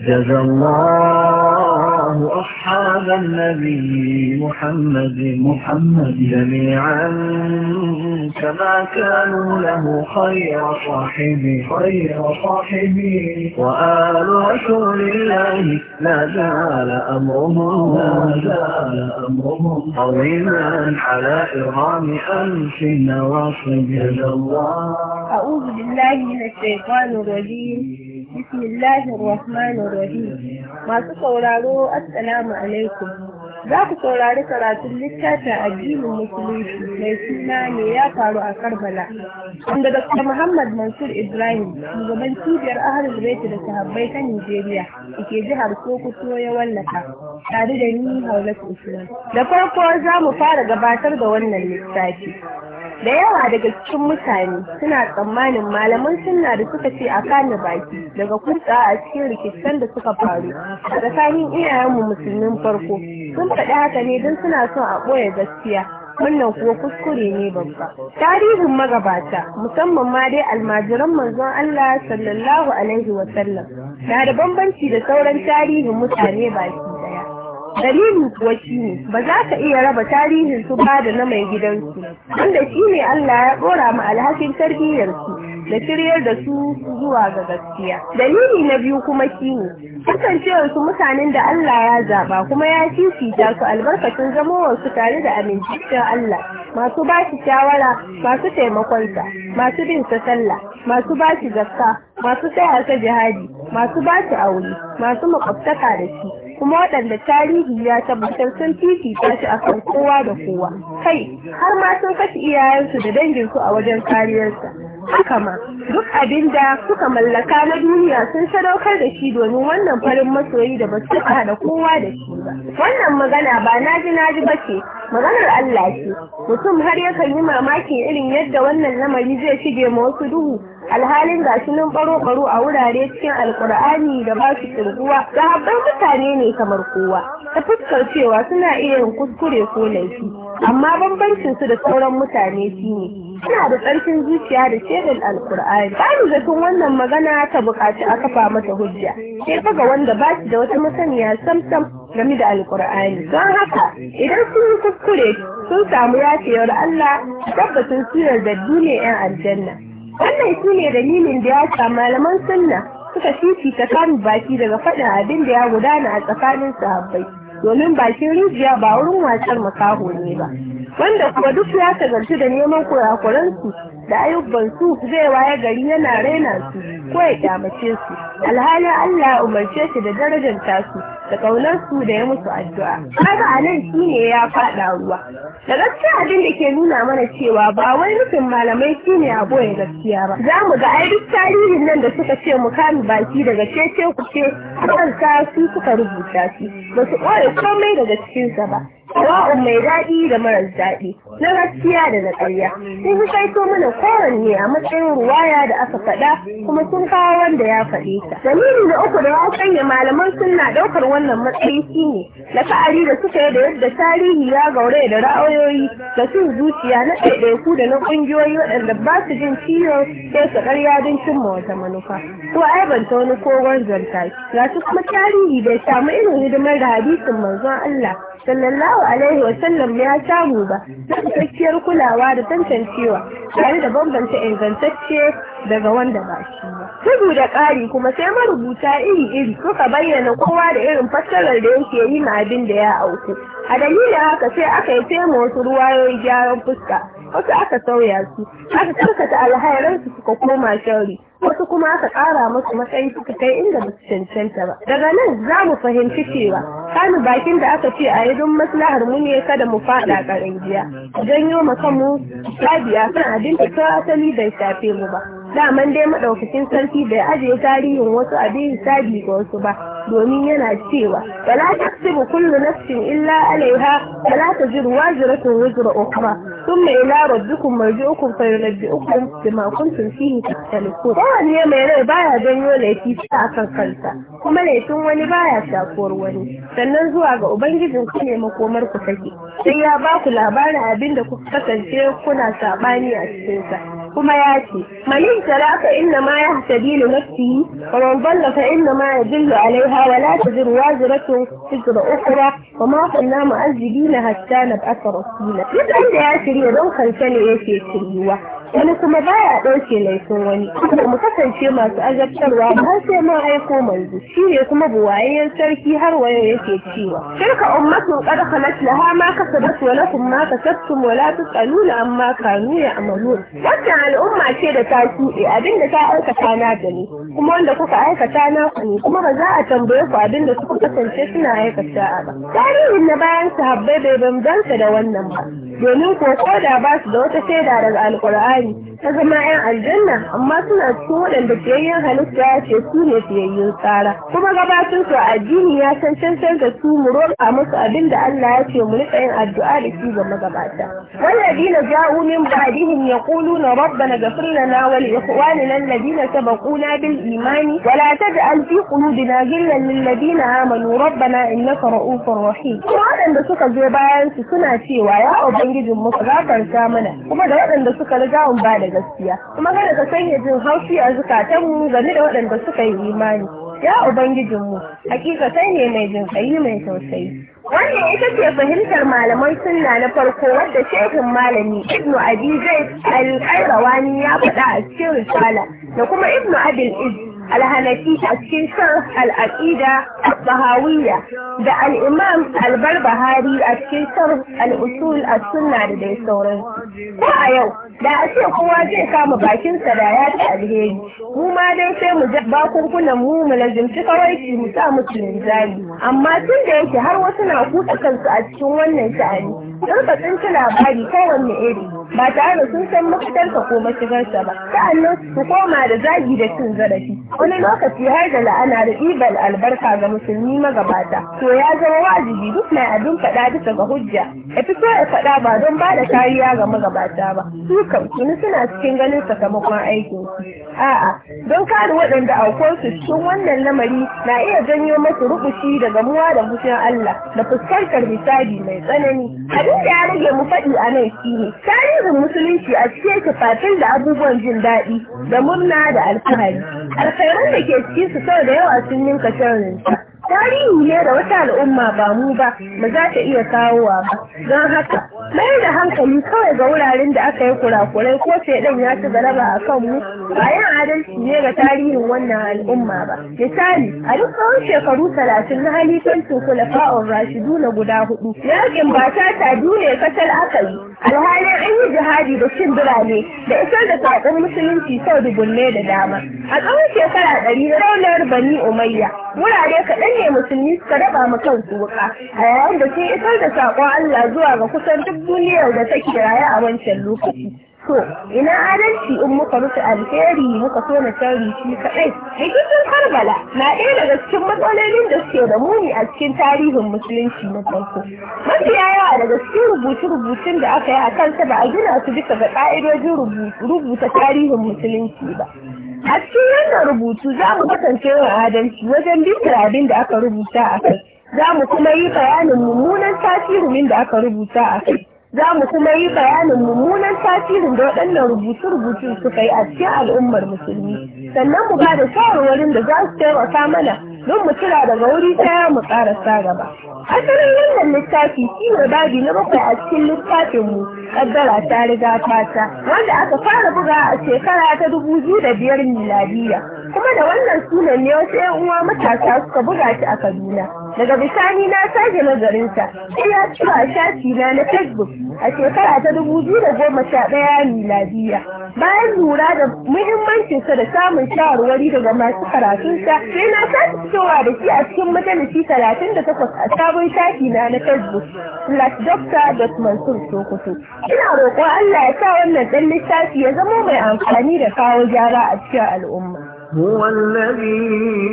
جزى الله أصحاب النبي محمد محمد جميعا كما كانوا له خير صاحبي خير صاحبي وآل رسول الله لا زال أمرهم لا زال أمرهم قويما على إرغام أنف النواصب جزى الله أعوذ بالله من الشيطان الرجيم Bismillahir Rahmanir Rahim. Masu sauraro Assalamu alaikum. Za ku saurari karatun littafin addinin Musulunci mai suna ne ya faru a Karbala. Wanda Dr. Muhammad Mansur Ibrahim, shugaban cibiyar Ahlul Baiti da Sahabai ta Nijeriya, da ke jihar Sokoto ya wallaka. tare da ni haulatu islam da farko za mu fara gabatar da wannan littafi. da yawa daga cikin mutane suna tsammanin malaman suna da suka ce a kane baki daga kutsa a cikin rikicin da suka faru a tsakanin iyayenmu musulmin farko sun faɗi haka ne don suna son a ɓoye gaskiya wannan kuwa kuskure ne babba tarihin magabata musamman ma dai almajiran manzon Allah sallallahu alaihi wasallam na da bambanci da sauran tarihin mutane baki dalili kuwa shi ne ba za ka iya raba tarihin su ba da na mai gidansu wanda shi ne Allah ya ɗora ma alhakin tarbiyyarsu da shiryar da su zuwa ga gaskiya dalili na biyu kuma shi ne kasancewar su mutanen da Allah ya zaba kuma ya fifita su albarkacin zamowar su tare da amincin Allah masu ba shi shawara masu taimakonsa masu bin sa sallah masu ba shi zakka masu tsaya ta jihadi masu ba shi aure masu makwabtaka da shi kuma waɗanda tarihi ya tabbatar sun ta shi kan kowa da kowa kai har ma sun kashe iyayensu da danginsu a wajen kariyarsa haka ma duk abin da suka mallaka na duniya sun sadaukar da shi domin wannan farin masoyi da ba su kowa da shi ba wannan magana ba na ji naji ba ce maganar Allah ce mutum har yakan yi mamakin irin yadda wannan lamari zai shige ma wasu duhu alhalin gashi nan baro-baro a wurare cikin alkur'ani da ba su kirguwa sahabban mutane ne kamar kowa ta fuskar cewa suna iya yin kuskure ko laifi amma bambancin su da sauran mutane shine suna da tsarkin zuciya da shedar alkur'ani ba ni zaton wannan magana ta bukaci a kafa mata hujja sai ga wanda ba shi da wata masaniya sam game da alkur'ani don haka idan sun yi kuskure sun samu yafiyar Allah tabbacin su yarda ne 'yan aljanna wannan shi ne dalilin da ya sa malaman sunna suka fifita karin baki daga faɗin abin da ya gudana a tsakanin sahabbai domin bakin rijiya ba wurin wasan makaho ne ba wanda kuma duk ya tagarci da neman kurakuransu da ayyuban su zai waye gari yana raina su ko ya kyamace su alhalin Allah ya umarce shi da darajar su da kaunar su da ya musu addu'a kaga anan shine ya fada ruwa da gaskiya abin da ke nuna mana cewa ba wai rufin malamai shine a ya gaskiya ba za mu ga ai duk tarihin nan da suka ce mu kame baki daga cece ku ce kan su suka rubuta shi ba su ɓoye komai daga cikinsa ba sawa'un mai daɗi da maras daɗi na gaskiya da na ƙarya sun fi saito mana kowanne a matsayin ruwaya da aka faɗa kuma sun kawo wanda ya faɗe ta dalilin da uku da sanya malaman na ɗaukar wannan matsayi ne. la'akari da suka yi da yadda tarihi ya gaure da ra'ayoyi da sun zuciya na ɗaiɗaiku da na ƙungiyoyi waɗanda ba su jin ciwo sai su ƙarya don cimma wata manufa to ai ban ta wani kogon zanta ga su kuma tarihi bai samu irin hidimar da hadisin manzon Allah sallallahu alaihi wa sallam ya samu ba na cikakkiyar kulawa da tantancewa tare da bambanta ingantacce daga wanda ba shi ba. Tudu da ƙari kuma sai marubuta iri-iri suka bayyana kowa da irin fassarar da yake yi ma abin da ya auku. A dalilin haka sai aka yi taimo wasu ruwayoyi gyaran fuska, wasu aka sauya su, aka karkata alhairansu suka koma shauri. wasu kuma aka ƙara musu matsayi suka kai inda ba su cancanta ba daga nan za mu fahimci cewa kanu bakin da aka ce a yi maslahar mu ne kada mu faɗa ƙarin giya janyo mu kanmu Sabiya kan abin da ta asali bai shafe mu ba daman dai maɗaukacin sarki bai ajiye tarihin wasu abin hisabi ga wasu ba domin yana cewa wala tasibu kullu nafsin illa alaiha wala tajiru waziratun wuzra ukhra ثم إلى ربكم مرجعكم فينبئكم بما كنتم فيه تختلفون kowanne mai rai baya janyo laifi ta kan kansa kuma laifin wani baya shakuwar wani sannan zuwa ga ubangijin ku ne take sai ya ba ku labarin abin da kuka kasance kuna sabani a cikinsa kuma ya ce malin talaka inna ma ya hasadi li nafsihi wa man dalla fa inna ma yadillu alaiha wa la taziru waziratun tizra ukhra wa ma kunna mu'azzibina hatta nab'atha rasula duk da ya ce shirya don kansa ne yake shiryuwa wani kuma baya ɗauke laifin wani kuma mu kasance masu azabtarwa har sai mun aiko manzo shi ne kuma buwayen sarki har wayo yake cewa shirka ummatun qad khalat laha ma kasabat wa lakum ma kasabtum wa la tusaluna amma kanu ya'malun wannan al'umma ce da ta tuɗe abinda ta aikata na da ne kuma wanda kuka aikata na ku ne kuma ba za a tambaye ku abinda kuka kasance suna aikata ba tarihin na bayan sahabbai bai bambanta da wannan ba domin ko da ba su da wata shaida daga alqur'ani gane ta zama 'yan aljanna amma suna cikin waɗanda fiyayyen halitta ya ce su ne fiyayyen tsara kuma gabatun su addini ya san cancan da su mu roƙa musu abin da Allah ya ce mu rika yin addu'a da shi ga magabata walladina ja'u min ba'dihim yaquluna rabbana ghfir lana wa li ikhwanina ta sabaquna bil imani wa la taj'al fi qulubina ghillan lil ladina amanu rabbana innaka ra'ufur rahim kuma waɗanda suka zo bayan su suna cewa ya ubangijin mu gafarta mana kuma da waɗanda suka riga mu ba da gaskiya kuma kada ka sanya jin haushi a zukatanmu game da waɗanda suka yi imani ya ubangijinmu hakika sai ne mai jin kai mai tausayi wannan ita ce fahimtar malaman sunna na farko wadda shehin malami ibnu abi zaid al-qayrawani ya faɗa a cikin risala da kuma ibnu abil izz Alhanaki, a cikin sharh al'aqida bahawiyya da al'imam Buhari a cikin sharh al'usul a sunna da dai sauransu. ko a yau da a ce kowa zai kama bakinsa da ya ta alheri mu ma dai sai muje bakunkunan mu mu lazimci kawai mu sa musu linzali amma tun da yake har wasu na kuɗa kansu a cikin wannan sha'ani Rika sun ci labari wani iri ba tare da sun san mafitarka ko mashigarsa ba. Sa'annan su koma da zagi da cin zarafi. Wani lokaci har da la'ana da ibal albarka ga musulmi magabata. To ya zama wajibi duk mai abin faɗa bisa ga hujja. Ya fito ya faɗa ba don ba da kariya ga magabata ba. Su kam tuni suna cikin ganin sakamakon aikin su. A'a don kare waɗanda aukuwarsu cikin wannan lamari na iya janyo masu rubuci da gamuwa da fushin Allah da fuskantar misali mai tsanani. abin da ya rage mu faɗi a nan ne tarihin musulunci a cikin kifatin da abubuwan jin daɗi da murna da alfahari alkhairun da ke cikin su sau da yawa sun ninka sharrinsa tarihi ne da wata al'umma ba mu ba ba za ta iya kawowa ba don haka mayar da hankali kawai ga wuraren da aka yi kurakurai ko dan ya ci galaba a kan mu ba yin adalci ne ga tarihin wannan al'umma ba misali a duk tsawon shekaru talatin na na fa'on rashidu na guda hudu yakin ba ta ta ne kasar aka yi alhalin an yi jihadi da cin birane da isar da saƙon musulunci sau dubunne da dama a tsawon shekara ɗari raunar bani umayya wurare kaɗan ne musulmi suka raba mu su wuka a yayin da sun isar da saƙon Allah zuwa ga kusan duk duniyar da take raye a wancan lokaci. To, ina adalci in muka rufe alheri muka so na tari shi kaɗai. Rikicin Karbala na ɗaya daga cikin matsalolin da suke da muni a cikin tarihin musulunci na farko. Mafiya yawa daga cikin rubuce-rubucen da aka yi a kansa ba a gina su bisa ga ƙa'idojin rubuta tarihin musulunci ba. A cikin wannan rubutu za mu kasance wa adalci wajen bitar abin da aka rubuta a kai. Za mu kuma yi bayanin mummunan tasirin da aka rubuta a kai. Za mu kuma yi bayanin mummunan tasirin da waɗannan rubutu-rubutu suka yi a cikin al'ummar musulmi. Sannan mu ba da shawarwarin da za su taimaka mana don mu kira daga wuri ɗaya mu ƙarasa gaba. Asalin wannan littafi shi ne babi na bakwai a cikin littafin mu ƙaddara ta riga fata wanda aka fara buga a shekara ta dubu biyu da biyar miladiya kuma da wannan sunan ne wasu 'yan uwa matasa suka buga shi a Kaduna. daga bisani na sake nazarinsa sai ya ci a shafi na na facebook a shekara ta dubu biyu da goma sha ɗaya miladiya bayan lura da muhimmancinsa da samun shawarwari daga masu karatunsa sai na sake fitowa da shi a cikin majalisi talatin da takwas a sabon shafi na na facebook slash doctor mansur sokoto ina roƙon allah ya sa wannan ɗan littafi ya zama mai amfani da kawo gyara a cikin al'umma هو الذي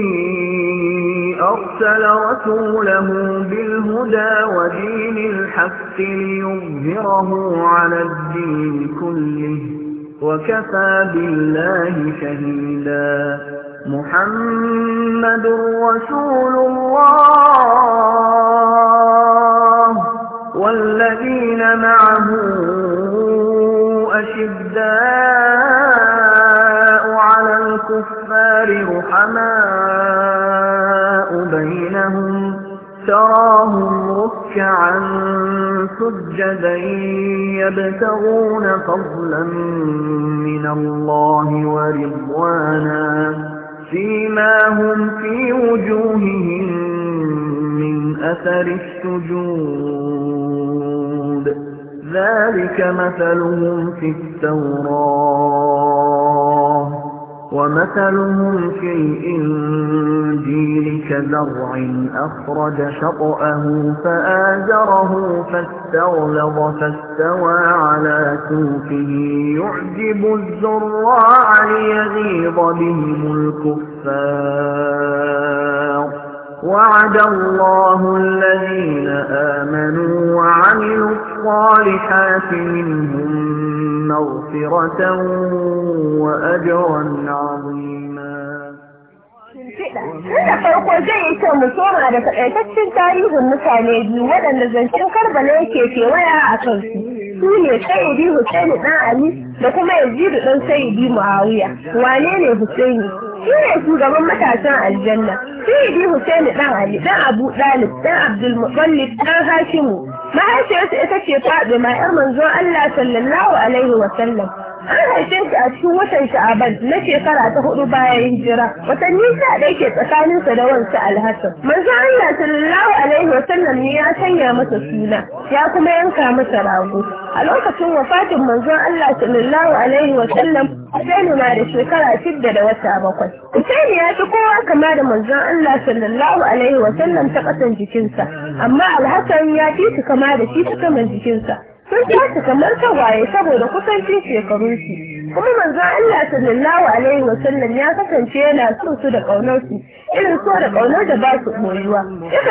أرسل رسوله بالهدى ودين الحق ليظهره على الدين كله وكفى بالله شهيدا محمد رسول الله والذين معه أشداد الرحماء بينهم تراهم ركعا سجدا يبتغون فضلا من الله ورضوانا فيما هم في وجوههم من أثر السجود ذلك مثلهم في التوراة ومثلهم شيء جيل كزرع أخرج شطأه فآزره فاستغلظ فاستوى على سوقه يعجب الزراع ليغيظ بهم الكفار وعد الله الذين آمنوا وعملوا الصالحات منهم مغفرة وأجرا عظيما Na farko zai yi kyau mu koma da takaitaccen tarihin mutane biyu waɗanda zancen karbala yake kewaya a kansu. Su ne Sayyidi Hussaini ɗan Ali da kuma Yazidu ɗan Sayyidi Muawiya. Wane ne Hussaini? Shi ne shugaban matasan aljanna. Sayyidi Hussaini ɗan Ali, ɗan Abu Ɗalib, ɗan Abdulmuttalib, ɗan Hashimu, mahaifiyarsa ita ce Fadima ‘yar manzon Allah sallallahu Alaihi wasallam. An haife a cikin watan Sha'aban na shekara ta hudu bayan jira. Watanni sha ɗaya ke tsakaninsa da wansa Alhassan. Manzo Allah sallallahu alaihi wa sallam ne ya sanya masa suna ya kuma yanka masa rago. A lokacin wafatin manzon Allah sallallahu alaihi wa sallam Husainu na da shekara shidda da wata bakwai. Husainu ya fi kowa kama da manzon Allah sallallahu alaihi wa sallam ta ƙasan jikinsa, amma Alhassan ya fi su kama da shi ta saman jikinsa. sun tashi kamar tagwaye saboda kusancin shekaru shi kuma manzon Allah sallallahu alaihi wasallam ya kasance yana so su da ƙaunar su irin so da ƙaunar da ba su koyuwa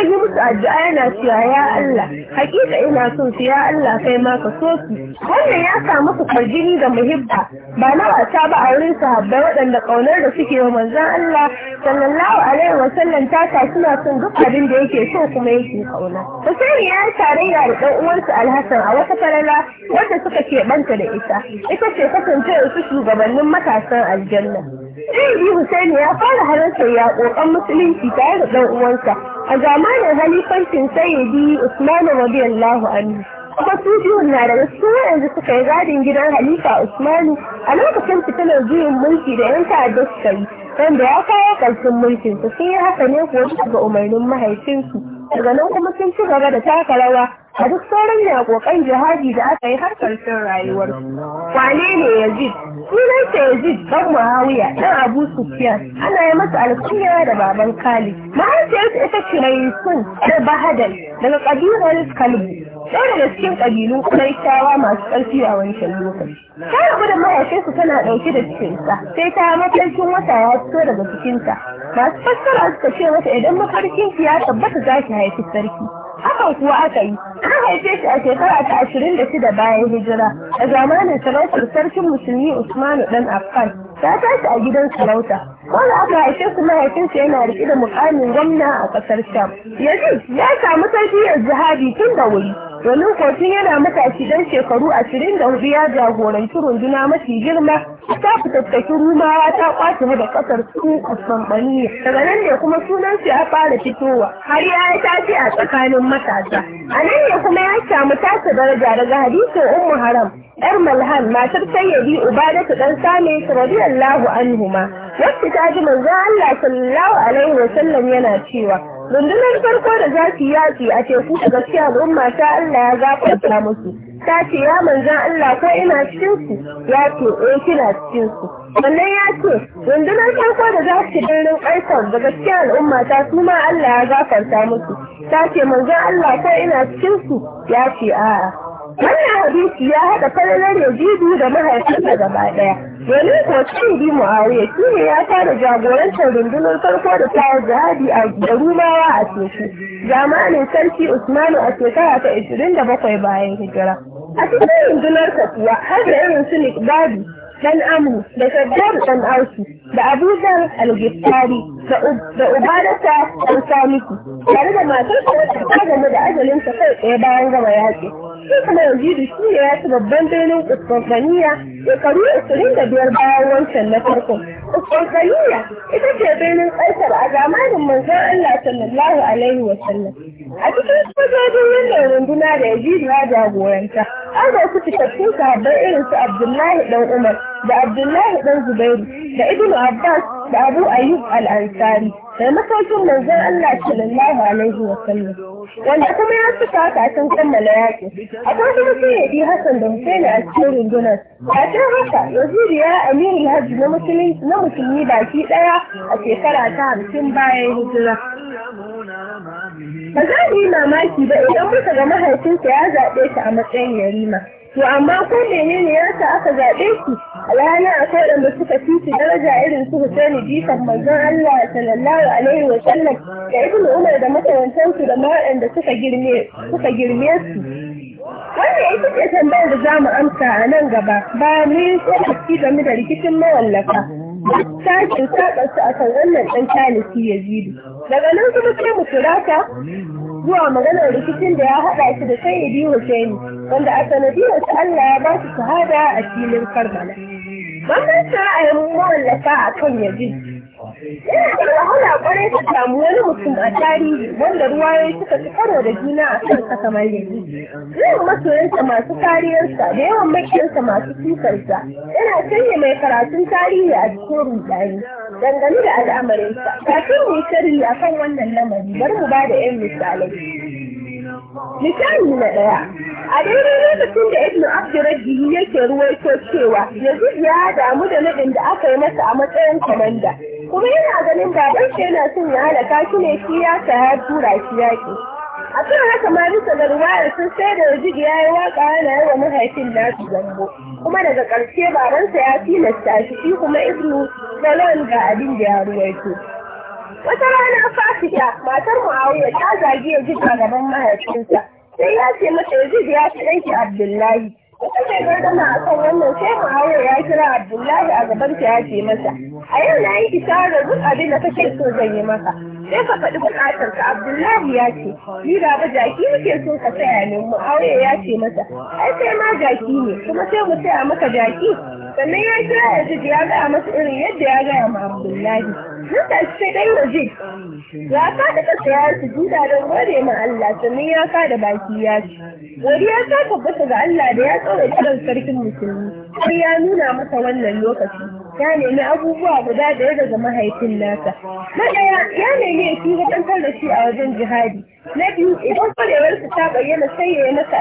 yi musu addu'a yana cewa ya Allah hakika ina son su ya Allah kai ma ka so su wannan ya samu ku kwargini da muhibba ba na wata ba a wurin sahabbai waɗanda ƙaunar da suke wa manzon Allah sallallahu alaihi wa sallam ta ta suna son duk abin da yake so kuma yake ƙauna Hussein ya yi tarayya da ɗan uwansa Alhassan a wata farara wanda suka ke ɓanta da ita ita ce kasance su shugabannin matasan aljanna Ɗayyabi Hussein ya fara halartar yaƙoƙan musulunci tare da ɗan uwansa a zamanin halifancin sayyidi Usman radiyallahu anhu. Kuma su biyu na da cikin waɗanda suka yi gadin gidan Halifa Usmanu a lokacin fitilar juyin mulki da 'yan ta'adda suka yi, wanda ya kawo ƙarshen mulkinsu sun yi haka ne kuwa ga umarnin mahaifinsu. Daga nan kuma sun ci gaba da taka rawa a duk sauran yaƙoƙan jihadi da aka yi har ƙarshen rayuwar wane ne yazid sunansa yazid dan Muhawiya, ɗan abu sufyan ana yi masa alkunya da baban kali su ita ce sun da bahadal daga ƙabilar kalbu ɗaya daga cikin ƙabilun kuraitawa masu ƙarfi a wancan lokaci. Ta rabu da mahaifinsa tana ɗauke da cikinsa, sai ta mafarkin wata ya fito daga cikinta. Masu fassara suka ce mata idan mafarkin ya tabbata za ki haifi sarki. Hakan kuwa aka yi, an haife shi a shekara ta ashirin da shida bayan hijira, a zamanin sarautar sarkin musulmi Usmanu ɗan Affan, ta tashi a gidan sarauta, wanda aka haife su mahaifinsa yana riƙe da mukamin gwamna a ƙasar sham Yanzu ya samu tarbiyyar jihadi tun da wuri domin kotun yana matashi dan shekaru ashirin da hudu ya jagoranci runduna mafi girma ta fitattaki rumawa ta kwace da ƙasar su usman baniya daga nan ne kuma sunan ya fara fitowa har ya yi tashi a tsakanin matasa a nan ne kuma ya samu tasa daraja daga hadisin ummu haram yar malhan matar sayyidi ubadatu dan sale radiyallahu anhuma wacce ta ji manzo Allah sallallahu alaihi wa sallam yana cewa rundunar farko da za su yaki a teku da gaskiya umma ta Allah ya gafarta musu ta ce ya manzan Allah ko ina cikin su ya ce eh kina cikin su sannan ya ce rundunar farko da za su birnin ƙaisar da gaskiya al'umma ta su ma Allah ya gafarta musu ta ce manzan Allah ko ina cikin su ya ce a'a wannan hadisi ya haɗa falalar yazidu da mahaifinsa gaba ɗaya domin ko cikin bi muawiya shi ne ya fara jagorantar rundunar farko da fara jihadi a garumawa a teku zamanin sarki usmanu a shekara ta ishirin da bakwai bayan hijira a cikin rundunar kasuwa har da irin su nikbabi dan amu da shaddar dan auki da abubuwan alGiftari. da Uba ta an muku. tare da ta wata ta game da ajalin ta kai tsaye bayan gama yaƙi sai kuma yanzu shi ne ya ci babban birnin Uskonsaniya shekaru ashirin da biyar bayan wancan na farko. Uskonsaniya ita ce birnin ƙasar. a zamanin manzon Allah sallallahu alaihi wa sallam. A cikin sojojin wannan runduna da da ya jagoranta, an ga su fitattun irinsu irin su Abdullahi ɗan Umar, da Abdullahi Ɗan Zubairu da Ibn Abbas da Abu Ayyub al-Ansari da masaukin manzon Allah sallallahu alaihi wa wanda kuma ya suka haka sun kammala yaƙi akwai kuma sayyidi Hassan da Hussein a cikin rundunar kafin haka Yazid ya Amirul Hajji na musulmi na musulmi baki ɗaya a shekara ta hamsin bayan hijira ba za mu yi mamaki ba idan muka ga mahaifinsa ya zaɓe shi a matsayin yarima to amma ko menene ya sa aka zaɓe shi a akwai da suka fi su daraja irin su Husaini bisan manzon Allah sallallahu alaihi wa sallam da Ibn Umar da makarantar su da ma waɗanda suka girme suka girme su wannan ita ce tambayar da za mu amsa a nan gaba bayan mu yi tsokaci game da rikicin mawallaka. ta cuta a kan wannan ɗan talisi ya zidu daga nan kuma sai mu turata zuwa maganar rikicin da ya haɗa shi da sayyidi Hussaini, wanda a sanadiyar su Allah ya ba su shahada a filin Karbala. Bambancin ra'ayin mawallaka a kan Yazid da wahala kwarai ta samu wani mutum a tarihi wanda ruwa suka fi karo da juna a kan sa kamar yanzu. Yawan masoyansa masu kariyarsa da yawan makiyansa masu tukarsa yana sanya mai karatun tarihi a cikin rudani. Dangane da al'amarinsa, kafin mu sharhi a kan wannan lamari bari mu ba da 'yan misalai. Misali na ɗaya, a daidai lokacin da Ibn Abdurrahim yake ruwaito cewa Yazid ya damu da naɗin da aka yi masa a matsayin kamanda. kuma yana ganin baban shi yana son ya halaka shi ne shi ya saya tura shi yaƙi a kan haka ma bisa ga sun sai da rajigi ya yi waƙa yana wa mahaifin nasu zambo kuma daga ƙarshe babansa ya tilasta shi shi kuma ibnu salon ga abin da ya ruwaito wata rana fasika matar muawiya ta zagi ya gaban mahaifinsa sai ya ce masa yazid ya fi ɗanki abdullahi ita bar gama a kan wannan sai Muhawar ya kira Abdullahi a gaban ya ce masa, a yau na yi isharar duk abin da kake so zan yi maka. sai ka faɗi buƙatar ka Abdullahi ya ce ni da ba jaki muke so ka saya min mu aure ya ce masa ai sai ma jaki ne kuma sai mu saya maka jaki sannan ya kira da ya gaya masa irin yadda ya gaya ma Abdullahi nan da sai dai waje ya kada ka saya su juda don gode ma Allah sannan ya kada baki ya ce godiya ta tabbata ga Allah da ya tsawo kiran sarkin musulmi har ya nuna masa wannan lokacin. ya nemi abubuwa guda da ya daga mahaifin nasa. Na ɗaya ya nemi ya shugabantar da shi a wajen jihadi. Na biyu idan kwarewarsa ta bayyana sai ya yi masa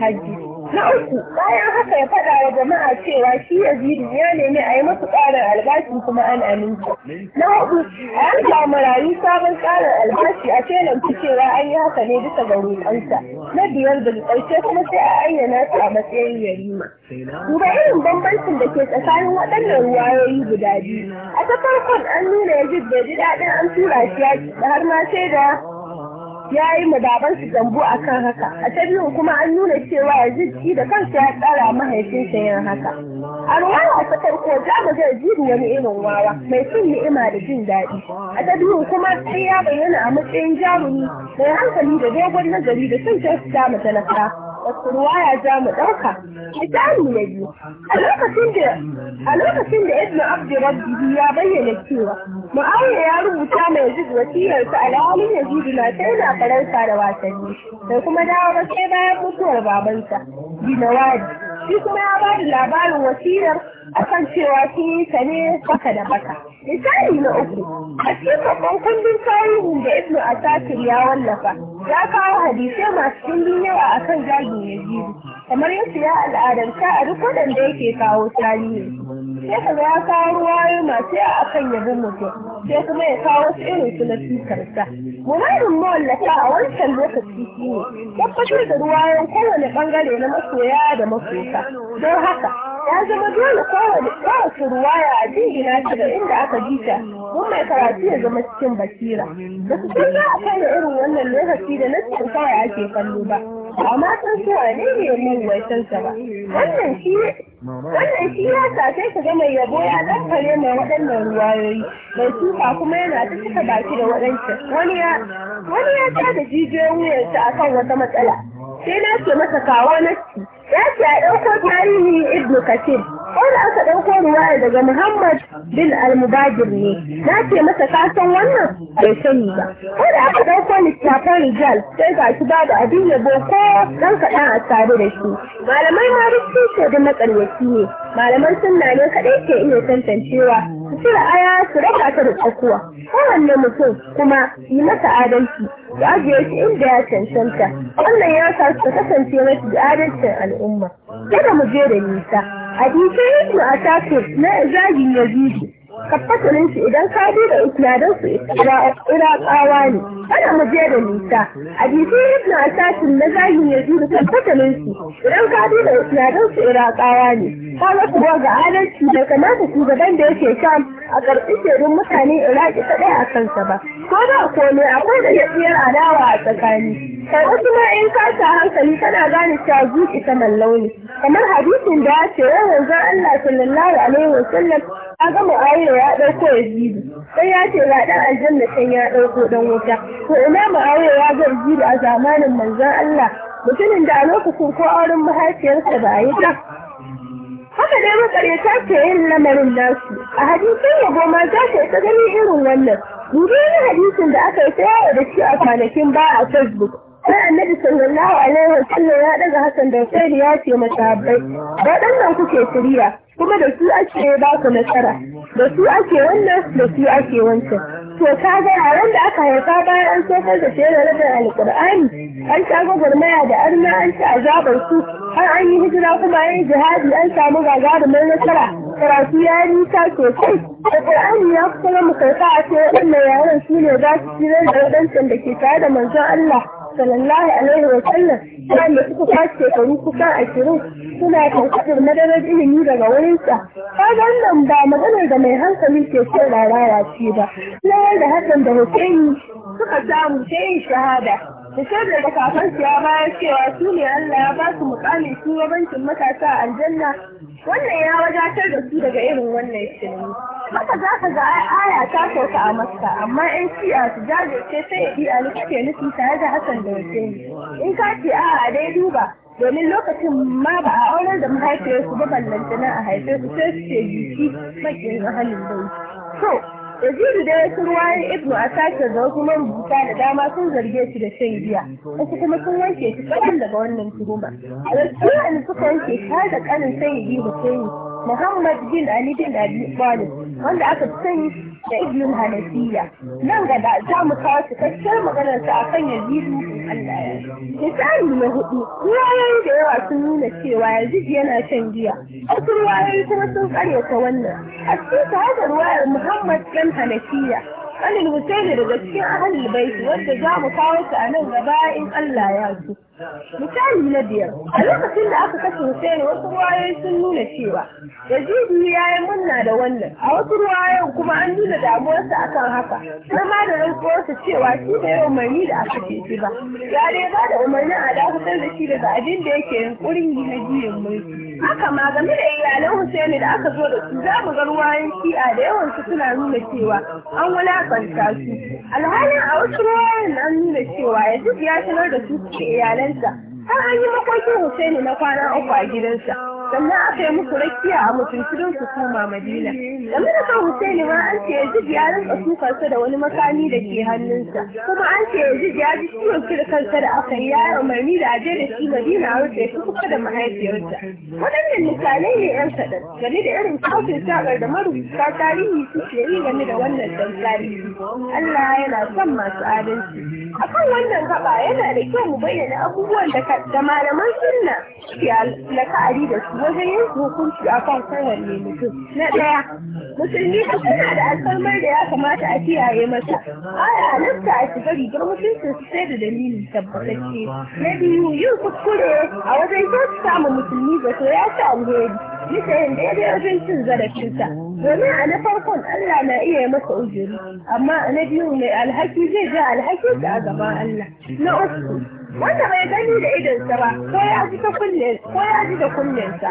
hajji. Na uku, bayan haka ya faɗa wa jama'a cewa shi Yazidu ya nemi a yi masu ƙarin albashi kuma an aminci. Na hudu, a yanka marayu sabon tsarin albashi a telan cewa an yi haka ne bisa ga roƙonsa. Na biyar da ƙarshe kuma sai a ayyana su a matsayin yarima. Duba irin bambancin da ke tsakanin waɗannan ruwayoyi guda biyu. A ta farkon an nuna Yazid da ji daɗin an tura shi yaƙi har ma sai da ya yi madaban su tambu a kan haka a ta biyun kuma an nuna cewa yanzu shi da kansa ya tsara mahaifinsa yin haka a ruwaya ta farko za mu ga jiri wani irin wawa mai cin ni'ima da jin daɗi a ta biyun kuma sai ya bayyana a matsayin jarumi mai hankali da dogon nazari da son kyautata ma nasara wasu ruwaya za mu ɗauka misali na biyu a lokacin da a lokacin da ibnu abdi rabbihi ya bayyana cewa mu'awiya ya rubuta mai yazid wasiyarsa a halin yazid na taina faransa da wasanni da kuma dawo sai bayan mutuwar babansa dinawadi shi kuma ya ba da labarin wasiyar kan cewa sun yi ta ne baka da baka misali na uku a cikin babban kundin tarihin da ibnu asakir ya wallafa ya kawo hadisai masu dimbin yawa akan jajin yazidu kamar yadda ya al'adanta a duk waɗanda yake kawo tarihi sai ka ya kawo masu yawa akan yabon mutum sai kuma ya kawo wasu irin su na fitarsa muradin mawallaka a wancan lokaci shi ne tabbatar da ruwayen kowane bangare na masoya da masoka don haka ya zama dole kowane kowace ruwaya a jingina shi da inda aka ji ta mun mai karatu ya zama cikin basira ba su za a kai da irin wannan lokaci da na nan kawai ake kallo ba amma san cewa ne ne mai waisansa ba wannan shi wannan shi ya sa sai ka ga mai yabo ya dakkare mai waɗannan ruwayoyi mai tuka kuma yana ta cika baki da waɗancan wani ya wani ya ta da jijiyoyin akan wata matsala sai na ce masa kawo na ci ya ce a ɗauko tarihin ibnu kasir wanda aka ɗauko ruwaya daga muhammad bin almubajir ne na ce masa kasan wannan bai sani ba wanda aka ɗauko littafan rijal sai ga shi babu abin yabo ko ɗan kaɗan a tare da shi malamai ma duk sun da makaryaci ne malaman sunna ne kaɗai ke iya tantancewa cire aya su raka ta da tsakuwa kowanne mutum kuma yi masa adalci su ajiye shi inda ya cancanta wannan ya sa su kasance mafi adalcin al'umma kada mu je da nisa a dikin a atakir na zagin yazidi tabbatarin shi idan ka duba isnadin su tsawa ne kada mu je da nisa a bisi a asasin na zahin ya duba tabbatarin idan ka duba isnadin su tsawa ne kaga kuwa ga adalci bai kamata shugaban da yake sham a karɓi shirin mutane iraki kaɗai a kansa ba ko da komai akwai da yaɗiyar adawa a tsakani kai wasu ma in ka hankali kana gane cewa zuci ta launi. kamar hadisin da ya ce yawan zan Allah sallallahu alaihi wasallam a gama ma'awiya ya ɗauko ya zidu sai ya ce ba ɗan aljanna can ya ɗauko ɗan wuta to ina ma'awiya ya ga zidu a zamanin manzon Allah mutumin da a lokacin ko auren mahaifiyarsa ba a yi ta haka dai makaryata ke yin lamarin nasu a hadisin yabo goma za ta gani irin wannan dubi wani hadisin da aka yi ta da shi a kwanakin ba a facebook sai annabi sallallahu alaihi wa sallam ya daga hasan da sai ya ce masahabbai waɗannan kuke shirya kuma da su ake ba ku nasara da su ake wannan da su ake wancan to ka ga yaran da aka haifa bayan an sofar da shi da rabin alkur'ani an sha gwagwarmaya da arna an azabar su har an yi hijira kuma an yi jihadi an samu gagarumin nasara karatu ya yi nisa sosai alkur'ani ya kuma mu karɓa a ce waɗannan yaran su ne za su tsira da waɗancan da ke tare da manzon Allah sallallahu alaihi wa sallam wanda suka kwace shekaru kusan ashirin suna karkatar madarar ilimi daga wurinsa kaga wannan ba maganar da mai hankali ke son raraya ce ba na da Hassan da hussein suka samu sai shahada ke da su ya bayar cewa su ne Allah ya ba su mukamin bankin matasa a aljanna wannan ya wadatar da su daga irin wannan shirme. Haka za ka ga aya ta sauka a Maska, amma 'yan shi'a su jajirce sai a suke nufi tare da Hassan da Hussein. In ka ce a dai duba domin lokacin ma ba a aurar da mahaifiyarsu ba ballantana a haife su sai su ce jiki makin ahalin bauchi. Yazidu da ya wasu waye Ibnu Asakir da wasu marubuta da dama sun zarge shi da shan giya, wasu kuma sun wanke shi kaɗan daga wannan tuhuma. A wasu wani suka wanke shi har da ƙanin sayyidi Hussaini Muhammad bin Ali bin Abi Ibrahim, wanda aka fi sani da ibnu hanafiya nan gaba za mu kawo cikakkiyar maganar sa kan yazidu Allah ya misali na hudu ruwayoyi da yawa sun nuna cewa yazid yana shan giya wasu ruwayoyi kuma sun karyata wannan a cikin ta haka muhammad dan hanafiya kanin Husaini daga cikin ahalul baiti wanda za mu kawo su a nan gaba in Allah ya so. Misali na biyar, a lokacin da aka kashe Husaini wasu ruwayoyi sun nuna cewa Yazidu ya yi munna da wannan, a wasu ruwayoyin kuma an nuna damuwarsa akan haka, har ma da rantsuwarsa cewa shi da yawan umarni da aka ce shi ba. Ya dai ba da umarnin a dakatar da shi daga abin da yake yunkurin yi na jiyin mulki. Haka ma game da iyalan Husaini da aka zo da su za mu ga ruwayoyin shi'a da yawansu suna nuna cewa an wulaka siffanta su alhalin a wasu ruwayoyin an nuna cewa yazid ya sanar da su iyalansa har an yi makokin Husaini na kwana uku a gidansa sannan aka yi musu rakiya a mutuntunin su koma Madina game da kan Husaini ma an ce Yazid ya rinka tukarsa da wani makami da ke hannunsa kuma an ce Yazid ya ji ciwon kirkansa da aka yi umarni da aje da shi Madina a rufe su kusa da mahaifiyarsa waɗannan misalai ne yan kaɗan game da irin kafin sakar da marubuta tarihi suke yi game da wannan dan Allah yana son masu adalci a kan wannan gaba yana da kyau mu bayyana abubuwan da malaman sunna ya la'akari da su wajen yin hukunci a kan kowanne mutum na ɗaya musulmi ko suna da alfarmar da ya kamata a kiyaye masa aya halatta a shiga rigar mutuncin su sai da dalilin tabbatacce na biyu yin kuskure a wajen kyautata ma musulmi zato ya ci alheri bisa yin daidai wajen cin zarafinsa domin a na farkon Allah na iya yi masa ujuri amma na biyu mai alhaki zai ja alhaki da a gaban Allah na uku wanda bai gani da idonsa ba ko ya ji ta kunnen ko ya ji da kunnensa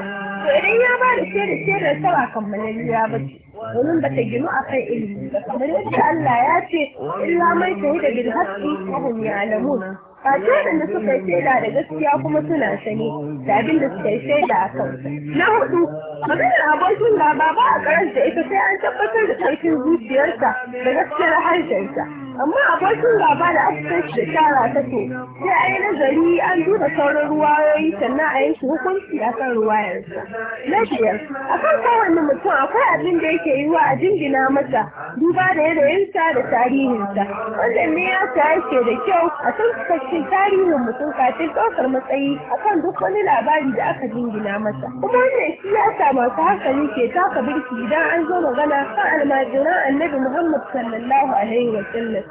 to idan ya ba da shaida shaidar sa ba kammalalliya ba ce domin ba ta ginu akan ilimi ba kamar yadda Allah ya ce illa mai da shahida bil haqqi wa hum ya'lamun Kace da suka shaida da gaskiya kuma suna sani da abin da suka shaida a kansa. Na hudu, Abin abokin gaba ba a karanta ita sai an tabbatar da karfin zuciyarta da gaskiyar harshensa. amma abokin gaba da da shekara ta ce sai a yi nazari an duba sauran ruwayoyi sannan a yanke hukunci a kan ruwayarsa na biyar a kan kowane mutum akwai abin da yake yi wa a jingina masa duba da yanayinsa da tarihinsa wannan ne ya sa yake da kyau a san cikakken tarihin mutum kafin ɗaukar matsayi akan duk wani labari da aka jingina masa kuma wannan shi ya sa masu hankali ke taka birki idan an zo magana kan almajiran annabi muhammad sallallahu alaihi wa sallam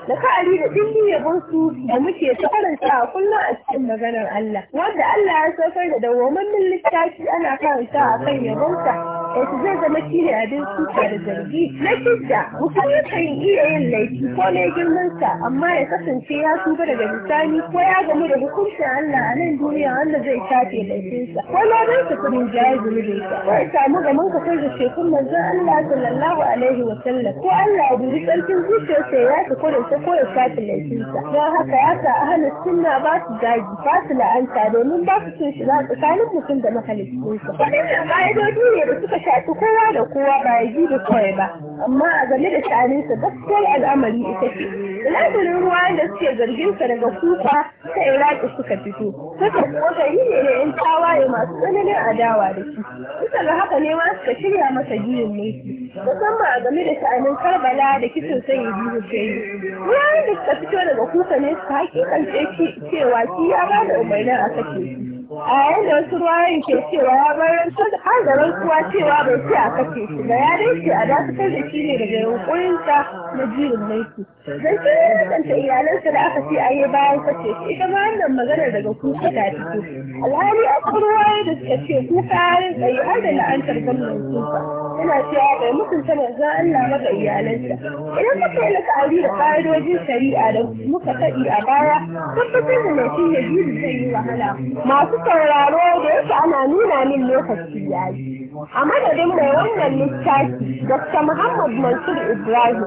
da ka'ari da dimbin yabon su da muke ta a kullum a cikin maganar Allah wanda Allah ya saukar da dawomannin littafi ana karanta a kan yabonsa da su zai zama shine abin suka da zargi na kidda mutum yakan iya yin laifi ko ne girmansa amma ya kasance ya tuba daga misali ko ya gamu da hukuncin Allah a nan duniya wanda zai shafe laifinsa ko ma zai ka kudin jaya zunubinsa ko ya samu gaman ka kai da shekun manzon Allah sallallahu alaihi wa sallam ko Allah ya dubi tsarkin zuciyarsa ya tafi da ko koya ya shafi laifinsa don haka ya sa ahalin sunna ba su zagi ba su la'anta domin ba su cin shiga tsakanin mutum da mahalicinsa waɗannan ƙa'idodi ne da suka shafi kowa da kowa ba ya ji da kawai ba amma a game da sha'aninsa gaskiyar al'amari ita ce da ruwa da suke zarginsa daga kufa ta iraki suka fito suka kokari ne da yan tawaye masu tsananin adawa da shi bisa ga haka ne ma suka shirya masa juyin mulki musamman a game da sha'anin karbala da kisan sanyi biyu shayi wuraren da suka fito daga kusa ne su hakikance cewa shi ya ba da umarnin a kashe shi a yadda wasu ruwayen ke cewa ya bayar har da rantsuwa cewa bai ce a kashe shi ba ya dace a dakatar da shi ne daga yunkurinsa na jirin laifi. zai ce ya kasance iyalansa da aka ce a yi bayan kashe shi ita ma wannan maganar daga kuka ta fito alhali a ruwaye da suka ce kuka harin tsaye har da la'antar gwamnan kuka yana cewa bai mutunta manzon Allah ba ga iyalansa idan ka kai la'akari da ƙa'idojin shari'a da muka taɗi a baya tabbatar da mai shi ne jirin zai yi wahala masu sauraro da yake ana nuna min lokaci yi. a madadin mai wannan littafi dr muhammad mansur ibrahim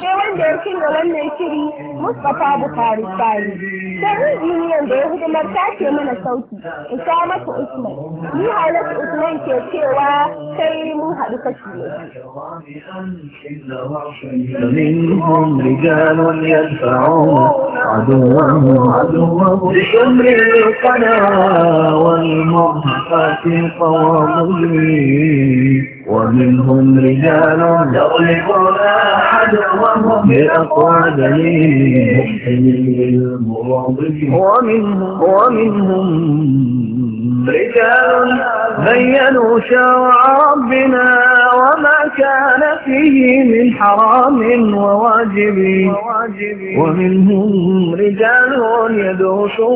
sai wanda ya shirya wannan shiri mustapha bukari sari sai injiniyan da ya hidimar tace mana sauti usamatu usman ni halat usman ke cewa sai mu haɗu kashi منهم رجال يدفعون بشمر القنا ومنهم رجال أحد حجرهم بأقوى دليل ومنهم, ومنهم رجال بينوا شرع ربنا وما كان فيه من حرام وواجب ومنهم رجال يدوسون